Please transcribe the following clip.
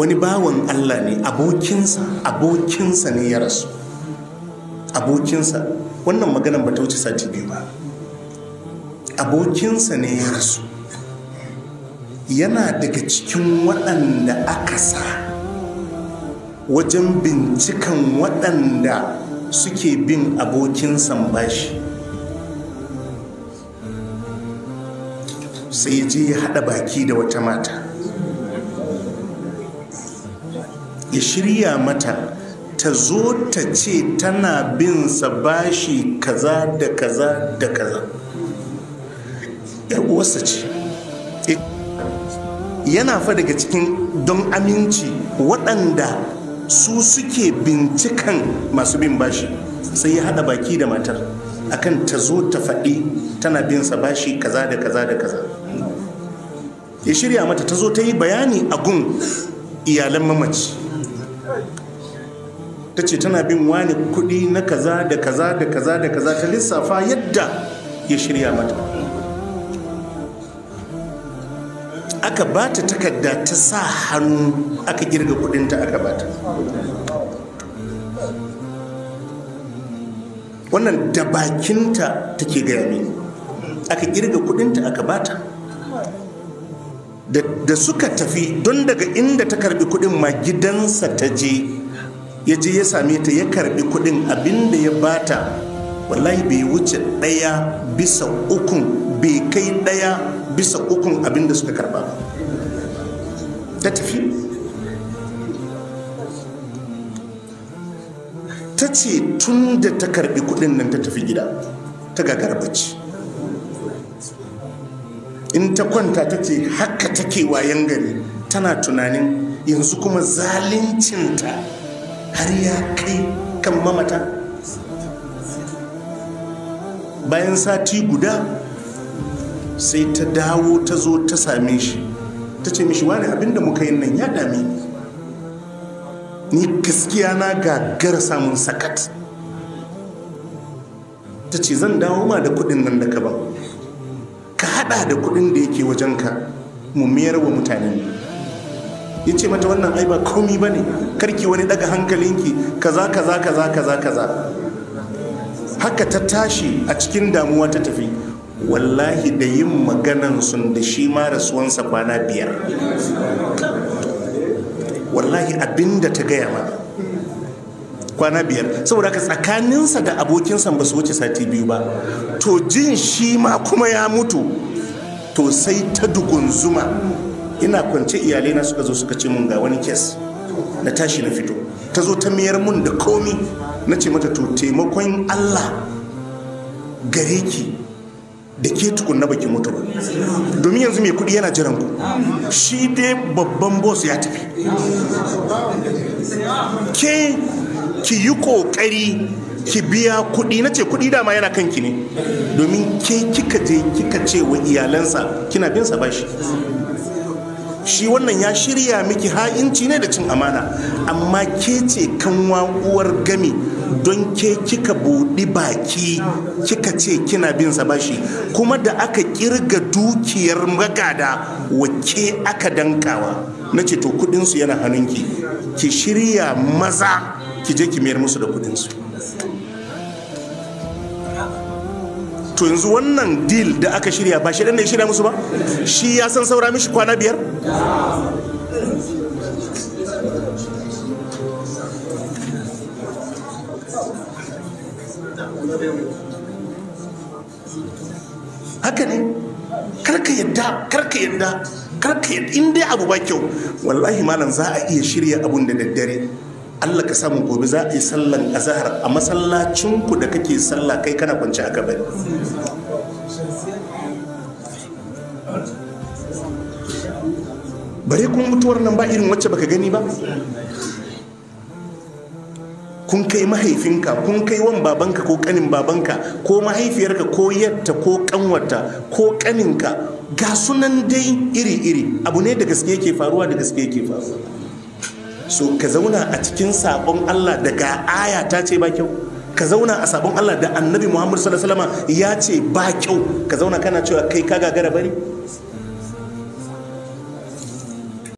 wani bawan Allah ne abokinsa abokinsa ne ya rasu abokinsa wannan maganan ba ta wuce sati biyu ba abokinsa ne ya rasu yana daga cikin waɗanda aka sa wajen bincikan waɗanda suke bin abokinsa bashi sai ya je ya haɗa baki da wata mata ya shirya mata ta zo ta ce tana bin sa bashi kaza da kaza da kaza uwarsa ce eh, yana fa daga cikin don aminci waɗanda su suke bincikan masu bin bashi sai ya haɗa baki da matar akan ta zo ta faɗi tana bin sa bashi kaza da kaza da kaza ya shirya mata ta zo ta yi bayani a gun iyalan mamaci ta ce tana bin wani kuɗi na kaza da kaza da kaza da kaza ta lissafa yadda ya shirya mata aka ba ta takarda ta sa hannu aka girga kudinta aka ba ta wannan da bakinta take gaya mini aka girga kudinta aka ba ta da suka tafi don daga inda ta karbi kudin ma gidansa ta je ya je ya same ta ya karbi kudin abinda ya bata wallahi bai wuce daya bisa ukun bai kai daya bisa ukun abinda suka karba ba ta tafi ta ce tun da ta karbi kudin nan ta tafi gida ta gagara in ta kwanta ta ce haka take wayan gari tana tunanin yanzu kuma zalincinta har ya kai kan mamata bayan sati guda sai ta dawo ta zo ta same shi ta ce mishi wani abinda muka yi nan ya dame ni ni gaskiya na gara samun sakat ta ce zan dawo ma da kudin nan da ka ba ka hada da kudin da yake wajenka mu mayar wa mutane ya ce mata wannan ai ba komi ba ne karki wani daga hankalinki kaza kaza kaza kaza kaza haka ta tashi a cikin damuwa ta tafi wallahi da yin maganan sun da shi ma rasuwansa kwana biyar wallahi abinda ta gaya ma kwana biyar saboda haka tsakaninsa da abokinsa ba su wuce sati biyu ba to jin shi ma kuma ya mutu to sai ta dugunzuma ina kwance iyalai na suka zo suka ce mun ga wani kes na tashi na fito ta zo ta miyar mun da komi na ce mata to taimakon allah gare ki da ke tukun na baki mutu ba domin yanzu mai kudi yana jiran ku shi dai babban boss ya tafi ke ki yi kokari ki biya kudi na ce kudi dama yana kanki ne domin ke kika je kika ce wa iyalansa kina bin sa bashi shi wannan ya shirya miki ha'inci ne da cin amana amma ke ce kanwa uwar gami don ke kika buɗi baki kika ce kina bin sa bashi kuma da aka kirga dukiyar magada wacce aka dankawa na ce to kudinsu yana hannunki ki shirya maza ki je ki mayar musu da kudinsu to yanzu wannan deal da aka shirya ba shi ne shirya musu ba shi ya san saura mishi kwana biyar haka ne karka yadda karka yadda karka yadda in dai abu ba kyau wallahi malam za a iya shirya abun da daddare Allah ka samu gobe za a yi sallan azahar a masallacin ku da kake sallah kai kana kwanci haka bane Bari kun mutuwar nan ba irin wacce baka gani ba kun kai mahaifinka kun kai wan babanka ko kanin babanka ko mahaifiyarka ko yatta ko kanwata ko kaninka ga sunan dai iri-iri abu ne da gaske yake faruwa da gaske yake faruwa so ka zauna a cikin sabon Allah daga aya ta ce ba kyau ka zauna a sabon Allah da annabi Muhammad sallallahu alaihi wasallam ya ce ba kyau ka zauna kana cewa kai ka gagara bari